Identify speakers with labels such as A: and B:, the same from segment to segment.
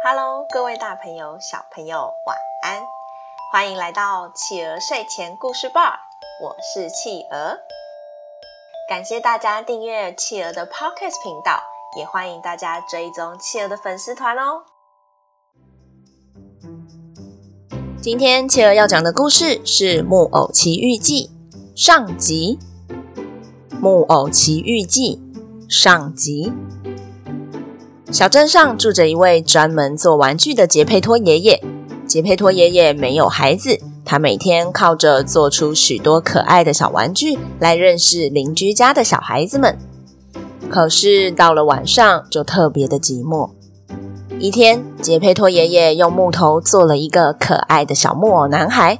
A: Hello，各位大朋友、小朋友，晚安！歡迎來到企鵝睡前故事吧，我是企鵝。感謝大家訂閱企鵝的 Podcast 頻道，也歡迎大家追蹤企鵝的粉絲團哦。今天企鵝要講的故事是木《木偶奇遇記》上集，《木偶奇遇記》上集。小鎮上住着一位專門做玩具的傑佩托爺爺。傑佩托爺爺沒有孩子，他每天靠着做出許多可愛的小玩具來認識鄰居家的小孩子們。可是到了晚上就特別的寂寞。一天，傑佩托爺爺用木頭做了一個可愛的小木偶男孩。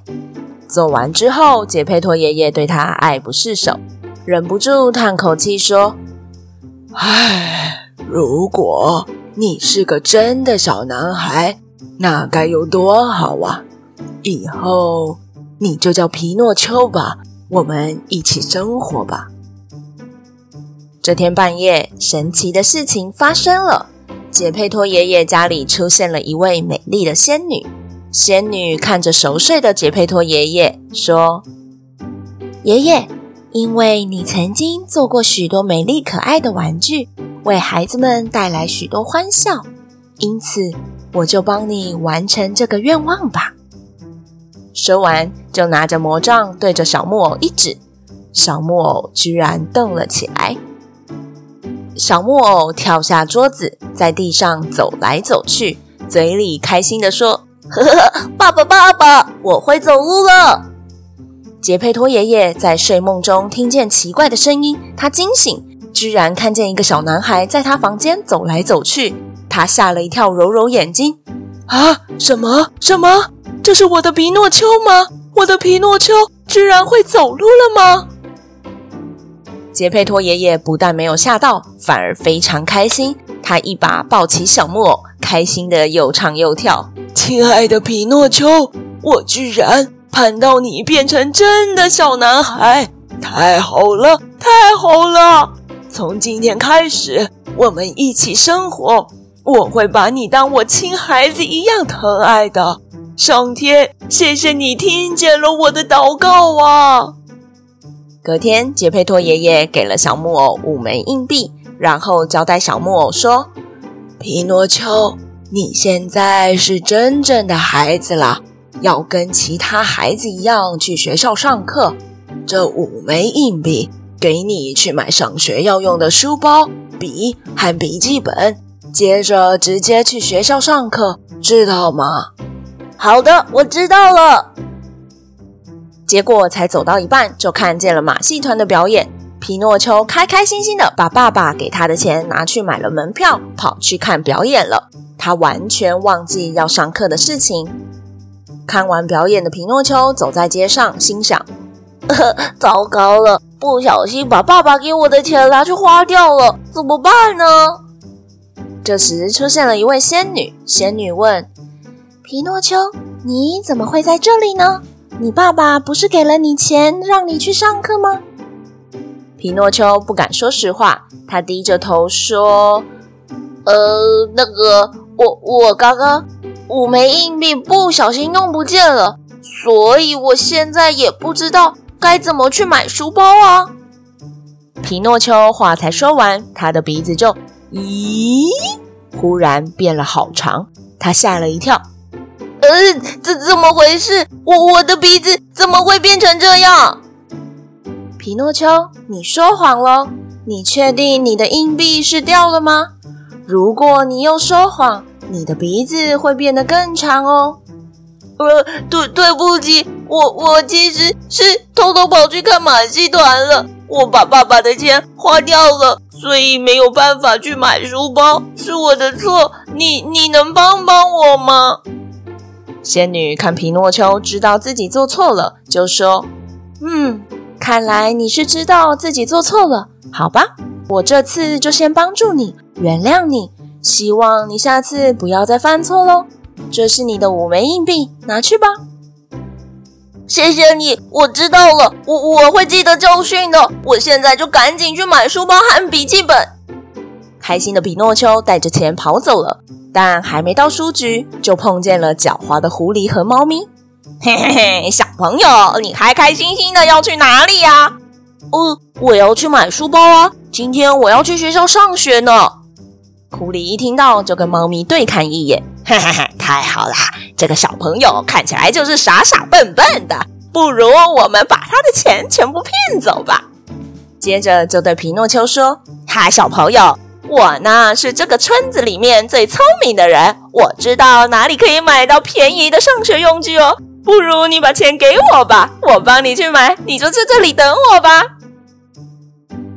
A: 做完之後，傑佩托爺爺對他愛不釋手，忍不住嘆口氣說：“唉。”如果你是個真的小男孩，那該有多好啊！以後你就叫皮諾丘吧，我們一起生活吧。這天半夜，神奇的事情發生了，傑佩托爺爺家裡出現了一位美麗的仙女。仙女看着熟睡的傑佩托爺爺說：“爺爺。”因為你曾經做過許多美麗可愛的玩具，為孩子們帶來許多歡笑，因此我就幫你完成這個願望吧。說完，就拿着魔杖對着小木偶一指，小木偶居然動了起來。小木偶跳下桌子，在地上走來走去，嘴裡開心地說：“呵呵，爸爸，爸爸，我會走路了。”傑佩托爺爺在睡夢中聽見奇怪的聲音，他驚醒，居然看見一個小男孩在他房間走來走去。他嚇了一跳，揉揉眼睛：“啊，什麼什麼？這是我的皮諾丘嗎？我的皮諾丘居然會走路了嗎？”傑佩托爺爺不但沒有嚇到，反而非常開心。他一把抱起小木偶，開心的又唱又跳：“親愛的皮諾丘，我居然……”盼到你變成真的小男孩，太好了，太好了！從今天開始，我們一起生活，我會把你當我親孩子一樣疼愛的。上天，謝謝你聽見了我的禱告啊！隔天，傑佩托爺爺給了小木偶五枚硬幣，然後交代小木偶說：“皮諾丘，你現在是真正的孩子了。”要跟其他孩子一樣去學校上課。這五枚硬幣給你去買上學要用的書包、筆和筆記本。接着直接去學校上課，知道嗎？好的，我知道了。結果才走到一半，就看見了馬戲團的表演。皮諾丘開開心心的把爸爸給他的錢拿去買了門票，跑去看表演了。他完全忘記要上課的事情。看完表演的皮諾丘走在街上，心想：“糟糕了，不小心把爸爸給我的錢拿去花掉了，怎麼辦呢？”這時出現了一位仙女，仙女問：“皮諾丘，你怎麼會在這裡呢？你爸爸不是給了你錢讓你去上課嗎？”皮諾丘不敢說實話，他低着頭說：“呃，那個，我我剛剛。”五枚硬幣不小心弄不見了，所以我現在也不知道該怎麼去買書包啊！皮諾丘話才說完，他的鼻子就咦，忽然變了好長，他嚇了一跳，呃，這怎麼回事？我我的鼻子怎麼會變成這樣？皮諾丘，你說謊了！你確定你的硬幣是掉了嗎？如果你又說謊。你的鼻子會變得更長哦。呃，對，對不起，我我其實是偷偷跑去看馬戲團了。我把爸爸的錢花掉了，所以沒有辦法去買書包，是我的錯。你你能幫幫我嗎？仙女看皮諾丘知道自己做錯了，就說：“嗯，看來你是知道自己做錯了，好吧，我這次就先幫助你，原諒你。”希望你下次不要再犯錯嘍。這是你的五枚硬幣，拿去吧。謝謝你，我知道了，我我會記得教訓的。我現在就趕緊去買書包和筆記本。開心的比諾丘帶着錢跑走了，但還沒到書局，就碰見了狡猾的狐狸和貓咪。嘿嘿嘿，小朋友，你開開心心的要去哪裡呀，啊？呃，我要去買書包啊，今天我要去學校上學呢。狐狸一聽到，就跟貓咪對看一眼，哈哈哈！太好啦，這個小朋友看起來就是傻傻笨笨的，不如我們把他的錢全部騙走吧。接着就對皮諾丘說：“哈，小朋友，我呢是這個村子裡面最聰明的人，我知道哪裡可以買到便宜的上學用具哦。不如你把錢給我吧，我幫你去買，你就在這裡等我吧。”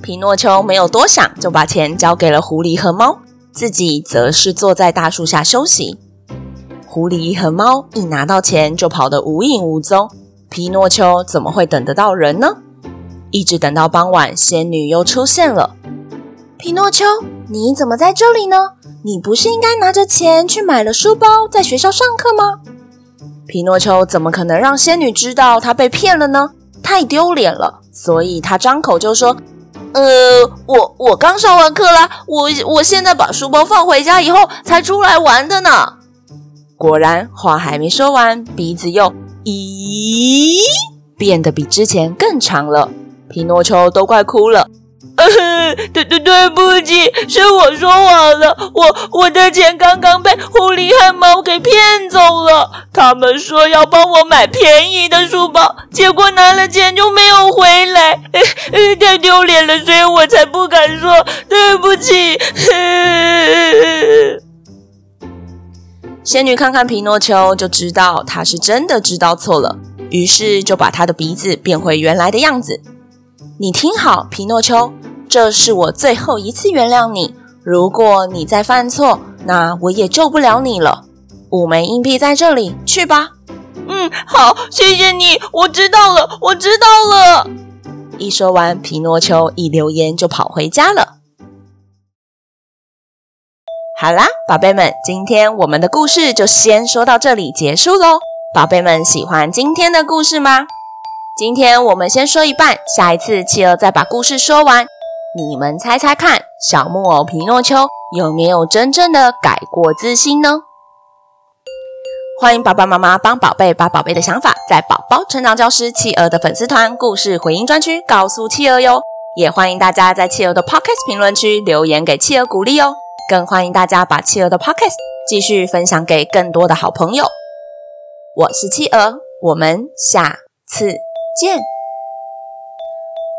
A: 皮諾丘沒有多想，就把錢交給了狐狸和貓。自己則是坐在大樹下休息。狐狸和貓一拿到錢就跑得無影無蹤。皮諾丘怎麼會等得到人呢？一直等到傍晚，仙女又出現了。皮諾丘，你怎麼在這裡呢？你不是應該拿着錢去買了書包，在學校上課嗎？皮諾丘怎麼可能讓仙女知道他被騙了呢？太丟臉了，所以他張口就說，呃，我我剛上完課啦，我我現在把書包放回家以後才出來玩的呢。果然，話還沒說完，鼻子又，咦，變得比之前更長了，皮諾丘都快哭了。嗯、呃，對對，對不起，是我說謊了。我我的錢剛剛被狐狸和貓給騙走了，他們說要幫我買便宜的書包，結果拿了錢就沒有回來，呃呃、太丟臉了，所以我才不敢說對不起。呵呵，仙女看看皮諾丘，就知道他是真的知道錯了，於是就把他的鼻子變回原來的樣子。你聽好，皮諾丘，這是我最後一次原諒你。如果你再犯錯，那我也救不了你了。五枚硬幣在這裡，去吧。嗯，好，謝謝你，我知道了，我知道了。一說完，皮諾丘一溜煙就跑回家了。好啦，寶貝們，今天我們的故事就先說到這裡結束嘍。寶貝們，喜歡今天的故事嗎？今天我們先說一半，下一次企鵝再把故事說完。你們猜猜看，小木偶皮諾丘有沒有真正的改過自新呢？歡迎爸爸媽媽幫寶貝把寶貝的想法在寶寶成長教室企鵝的粉絲團故事回音專區告訴企鵝喲。也歡迎大家在企鵝的 Pocket 評論區留言給企鵝鼓勵喲。更歡迎大家把企鵝的 Pocket 繼續分享給更多的好朋友。我是企鵝，我們下次。見，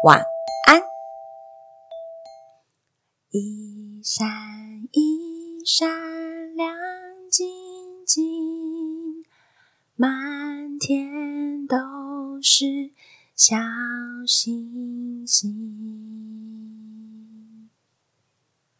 A: 晚安。一閃一閃亮晶晶，滿天都是小星星。